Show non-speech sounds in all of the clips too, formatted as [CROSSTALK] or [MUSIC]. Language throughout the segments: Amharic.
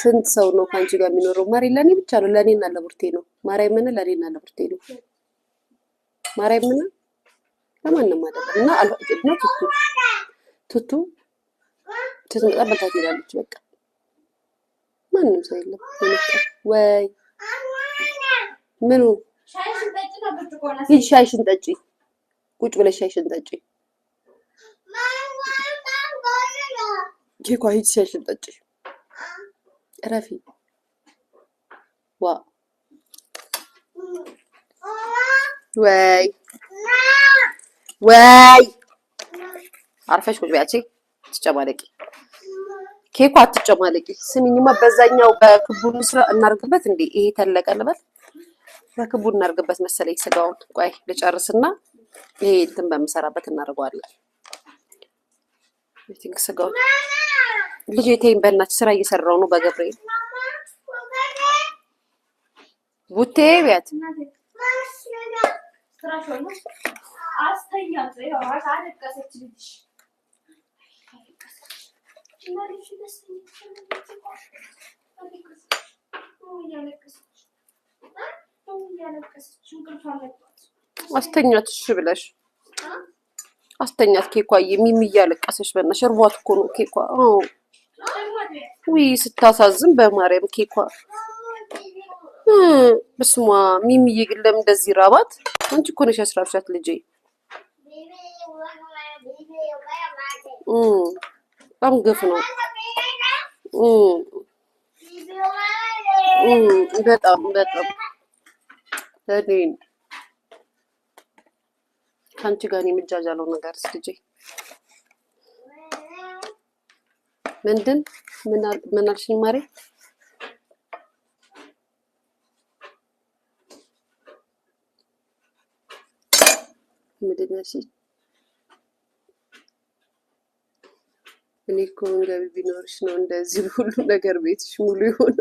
ስንት ሰው ነው ከአንቺ ጋር የሚኖረው? ማሬ ለእኔ ብቻ ነው፣ ለእኔና ለቡርቴ ነው። ማርያምን ለእኔና ለቡርቴ ነው። ማርያምን ለማንም አይደለም። እና አልፈቅድና ቱቱ ቱቱ ስትመጣ በልታት ሄዳለች። በቃ ማንም ሰው የለም። ወይ ምኑ ሂጂ፣ ሻይሽን ጠጪ፣ ቁጭ ብለሽ ሻይሽን ጠጪ። ኬኳ ሂጂ፣ ሻይሽን ጠጪ እረፊ ዋ ወይ ወይ አርፈሽ ቁጭ በይ። ትጨማለቂ፣ ኬኳ አትጨማለቂ። ስሚኝማ በዛኛው በክቡ እንስራ እናርግበት። እንዴ ይሄ ተለቀልበት በክቡ እናርግበት መሰለኝ። ስጋውን ቆይ ልጨርስና ይሄ እንትን በምሰራበት እናደርገዋለን። ስጋውን ልጅ ተይኝ በእናትሽ ስራ እየሰራው ነው። በገብርኤል ቡቴ ቢያት አስተኛት እሺ ብለሽ አስተኛት። ኬኳ የሚም እያለቀሰች በእናትሽ እርቧት እኮ ነው ኬኳ ውይ ስታሳዝን፣ በማርያም ኬኳ ብስሟ ሚሚዬ ግን ለምን እንደዚህ ራባት? አንቺ እኮ ነሽ ያስራብሻት ልጄ። በጣም ግፍ ነው በጣም በጣም እኔን ከአንቺ ጋር የምጃጃለው ነገር ልጄ ምንድን ምን አልሽኝ ማሬ? ምንድን አልሽኝ? እኔ እኮ ገቢ ቢኖርሽ ነው እንደዚህ ሁሉ ነገር ቤትሽ ሙሉ የሆነ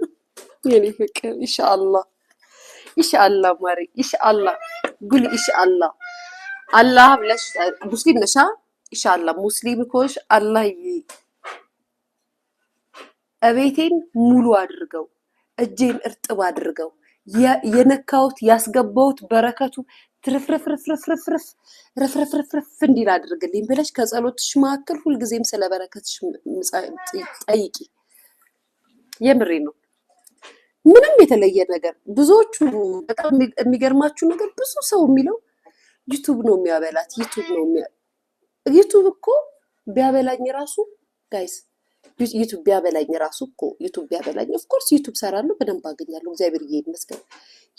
የኔ ፍቅር ኢንሻአላ ኢንሻአላ ማሪ ኢንሻአላ ጉል ኢንሻአላ አላህ ብለሽ ሙስሊም ነሻ። ኢንሻአላ ሙስሊም ኮሽ አላህ እቤቴን ሙሉ አድርገው እጄን እርጥብ አድርገው የነካሁት ያስገባሁት በረከቱ ትርፍርፍርፍርፍርፍርፍርፍ እንዲል አድርግልኝ ብለሽ ከጸሎትሽ መካከል ሁልጊዜም ስለ በረከትሽ ጠይቂ። የምሬ ነው። ምንም የተለየ ነገር ብዙዎቹ በጣም የሚገርማችሁ ነገር ብዙ ሰው የሚለው ዩቱብ ነው የሚያበላት ዩቱብ ነው ዩቱብ እኮ ቢያበላኝ ራሱ ጋይስ ዩቱብ ቢያበላኝ ራሱ እኮ ዩቱብ ቢያበላኝ ኦፍኮርስ ዩቱብ ሰራለሁ፣ በደንብ አገኛለሁ። እግዚአብሔር ይመስገን።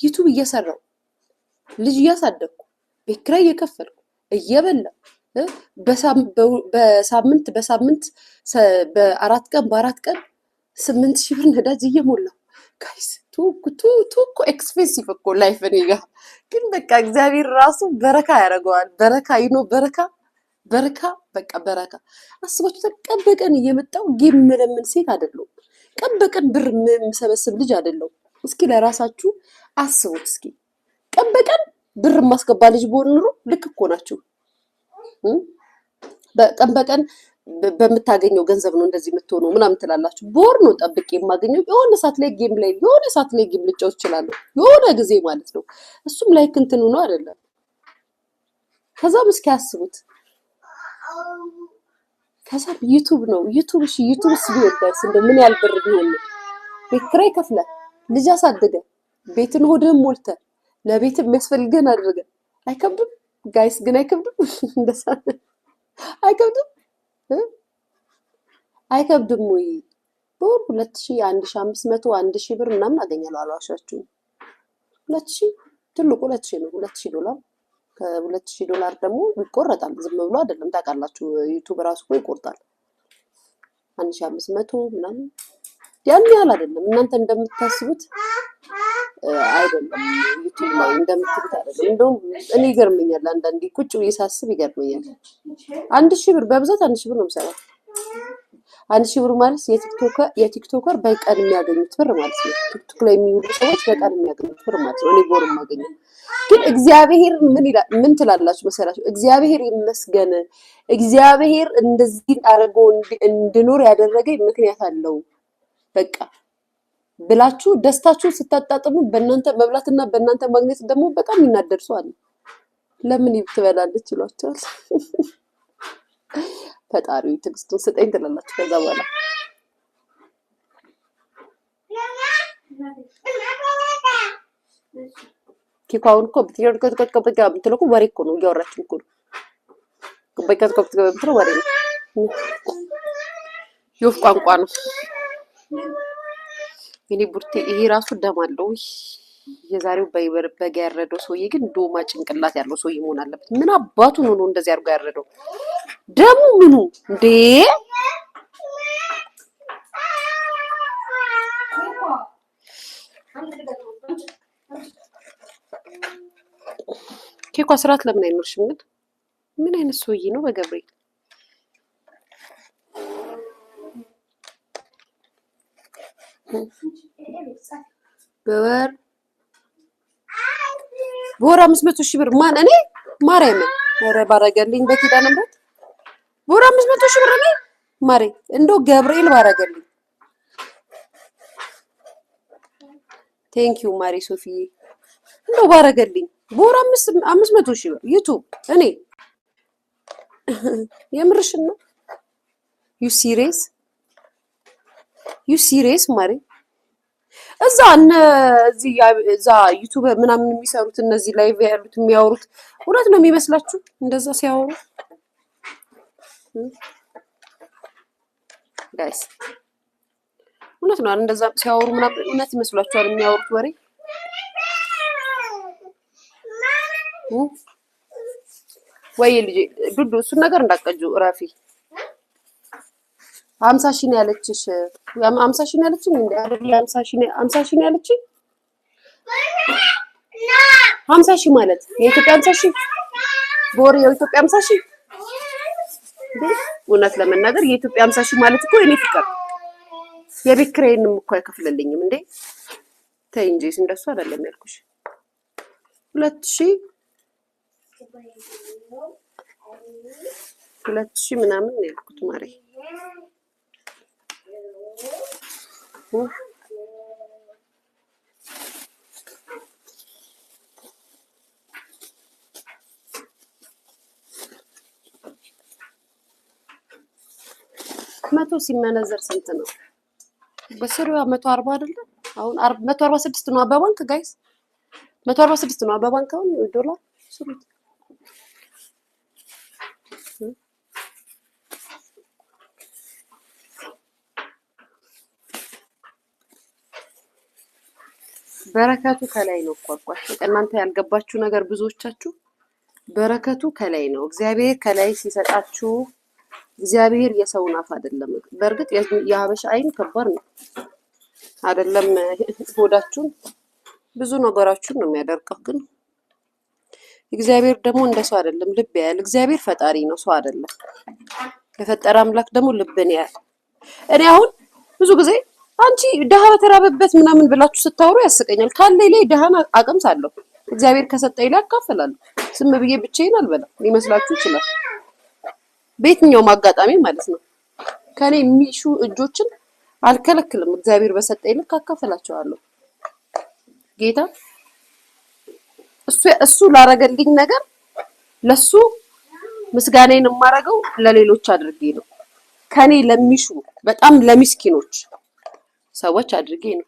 ዩቱብ እየሰራው ልጅ እያሳደግኩ ቤት ኪራይ እየከፈልኩ እየበላ በሳምንት በሳምንት በአራት ቀን በአራት ቀን ስምንት ሺህ ብር ነዳጅ እየሞላሁ ጋይስ ቱኩ ኤክስፔንሲቭ እኮ ላይፍ እኔ ጋ ግን በቃ እግዚአብሔር ራሱ በረካ ያደርገዋል። በረካ ይኖ በረካ በረካ በቃ በረካ አስባችሁ ቀን በቀን እየመጣው ጌም መለምን ሴት አይደለሁም። ቀን በቀን ብር የምሰበስብ ልጅ አይደለሁም። እስኪ ለራሳችሁ አስቡት። እስኪ ቀን በቀን ብር የማስገባ ልጅ በሆን ኑሮ ልክ እኮ ናችሁ። ቀን በቀን በምታገኘው ገንዘብ ነው እንደዚህ የምትሆነው ምናምን ትላላችሁ። በወር ነው ጠብቅ የማገኘው። የሆነ ሰዓት ላይ ጌም ላይ የሆነ ሰዓት ላይ ጌም ልጫወት እችላለሁ፣ የሆነ ጊዜ ማለት ነው። እሱም ላይክ እንትኑ ነው አይደለም። ከዛም እስኪ አስቡት። ከዛ ዩቱብ ነው ዩቱብ። እሺ ዩቱብ ስቢወዳስ እንደ ምን ያህል ብር ቢሆን ቤት ኪራይ ከፍለ ልጅ አሳድገ ቤትን ሆድህን ሞልተ ለቤት የሚያስፈልገን አድርገ አይከብድም? ጋይስ ግን አይከብድም? [LAUGHS] እንደሳ አይከብድም? አይከብድም ወይ በወር ሁለት ሺ አንድ ሺ አምስት መቶ አንድ ሺ ብር ምናምን አገኛለሁ። አልዋሻችሁም። ሁለት ሺ ትልቁ ሁለት ሺ ነው። ሁለት ሺ ዶላር ከሁለት ሺህ ዶላር ደግሞ ይቆረጣል። ዝም ብሎ አይደለም ታውቃላችሁ፣ ዩቱብ ራሱ እኮ ይቆርጣል። አንድ ሺህ አምስት መቶ ምናምን ያን ያህል አይደለም። እናንተ እንደምታስቡት አይደለም፣ ዩቱብ ላይ እንደምትሉት አይደለም። እንደውም እኔ ይገርመኛል አንዳንዴ ቁጭ ብዬ ሳስብ ይገርመኛል። አንድ ሺህ ብር በብዛት አንድ ሺህ ብር ነው የምሰራው አንድ ሺህ ብር ማለት የቲክቶከር በቀን የሚያገኙት ብር ማለት ነው። ቲክቶክ ላይ የሚውሉ ሰዎች በቀን የሚያገኙት ብር ማለት ነው። እኔ ጎር የማገኘው ግን እግዚአብሔር ምን ትላላችሁ መሰላችሁ? እግዚአብሔር ይመስገን፣ እግዚአብሔር እንደዚህ አድርጎ እንድኖር ያደረገኝ ምክንያት አለው በቃ ብላችሁ ደስታችሁን ስታጣጥሙ በእናንተ መብላትና በእናንተ ማግኘት ደግሞ በጣም ይናደርሰዋል። ለምን ትበላለች ይሏቸዋል። [LAUGHS] ፈጣሪ ትዕግስቱን ስጠኝ ትላላችሁ። ከዛ በኋላ ኪኳውን እኮ ብትለው እኮ ወሬ እኮ ነው እያወራችሁ እኮ ነው። ብትለው ወሬ ነው፣ የወፍ ቋንቋ ነው። እኔ ቡርቴ ይሄ ራሱ ደም አለው። የዛሬው በይበር በጋ ያረደው ሰውዬ ግን ዶማ ጭንቅላት ያለው ሰውዬ መሆን አለበት። ምን አባቱ ነው እንደዚህ አድርጎ ያረደው? ደሙ ምኑ እንዴ? ኬኳ ስርዓት ለምን አይኖርሽም? ምን ምን አይነት ሰውዬ ነው በገብርኤል በወር በወር አምስት መቶ ሺህ ብር ማን እኔ ማርያምን ኧረ ባረገልኝ በኪዳነ ምሕረት በወር አምስት መቶ ሺህ ብር እኔ ማሬ እንደው ገብርኤል ባረገልኝ። ቴንክ ዩ ማሬ ሶፊዬ እንደው ባረገልኝ። በወር አምስት አምስት መቶ ሺህ ብር ዩቱብ እኔ የምርሽን ነው? ዩ ሲሪየስ ዩ ሲሪየስ ማሬ እዛ እነዚህ እዛ ዩቱብ ምናምን የሚሰሩት እነዚህ ላይቭ ያሉት የሚያወሩት እውነት ነው የሚመስላችሁ እንደዛ ሲያወሩት ጋይስ እውነት ነው። እንደዛ ሲያወሩ ምናምን እውነት ይመስሏቸዋል የሚያወሩት ወሬ ወይ ልጅ ዱዱ እሱን ነገር እንዳቀጁ ራፊ አምሳ ሺህ ነው ያለችሽ። አምሳ ሺህ ነው ያለችኝ እንደ አይደል? ሀምሳ ሺህ ነው ሀምሳ ሺህ ነው ያለችኝ። ሀምሳ ሺህ ማለት የኢትዮጵያ አምሳ ሺህ በወሬ የኢትዮጵያ አምሳ ሺህ እውነት ለመናገር የኢትዮጵያ ሃምሳ ሺህ ማለት እኮ የኔ ፍቅር የቤት እኮ አይከፍልልኝም እንዴ። ተይ እንጂ እንደሱ አይደለም ያልኩሽ። ሁለት ሺህ ሁለት ሺህ ምናምን ያልኩት ማሬ መቶ ሲመነዘር ስንት ነው? በስሪዋ መቶ አርባ አይደለም? አሁን መቶ አርባ ስድስት ነው በባንክ ጋይስ፣ መቶ አርባ ስድስት ነው በባንክ አሁን ዶላር ስሩት። በረከቱ ከላይ ነው። ቋቋሽ እናንተ ያልገባችሁ ነገር ብዙዎቻችሁ በረከቱ ከላይ ነው። እግዚአብሔር ከላይ ሲሰጣችሁ እግዚአብሔር የሰውን አፍ አይደለም። በእርግጥ የሀበሻ አይን ከባድ ነው አይደለም፣ ሆዳችሁን ብዙ ነገራችሁን ነው የሚያደርቀው። ግን እግዚአብሔር ደግሞ እንደ ሰው አይደለም፣ ልብ ያያል። እግዚአብሔር ፈጣሪ ነው፣ ሰው አይደለም። የፈጠረ አምላክ ደግሞ ልብን ያያል። እኔ አሁን ብዙ ጊዜ አንቺ ድሃ በተራበበት ምናምን ብላችሁ ስታወሩ ያስቀኛል። ካለኝ ላይ ድሃን አቅምስ አለሁ እግዚአብሔር ከሰጠኝ ላይ አካፍላለሁ። ስም ብዬ ብቻዬን አልበላም። ሊመስላችሁ ይችላል። በየትኛውም አጋጣሚ ማለት ነው። ከኔ የሚሹ እጆችን አልከለክልም። እግዚአብሔር በሰጠኝ ልክ አካፈላቸዋለሁ። ጌታ እሱ እሱ ላረገልኝ ነገር ለሱ ምስጋናዬን የማረገው ለሌሎች አድርጌ ነው። ከኔ ለሚሹ በጣም ለሚስኪኖች ሰዎች አድርጌ ነው።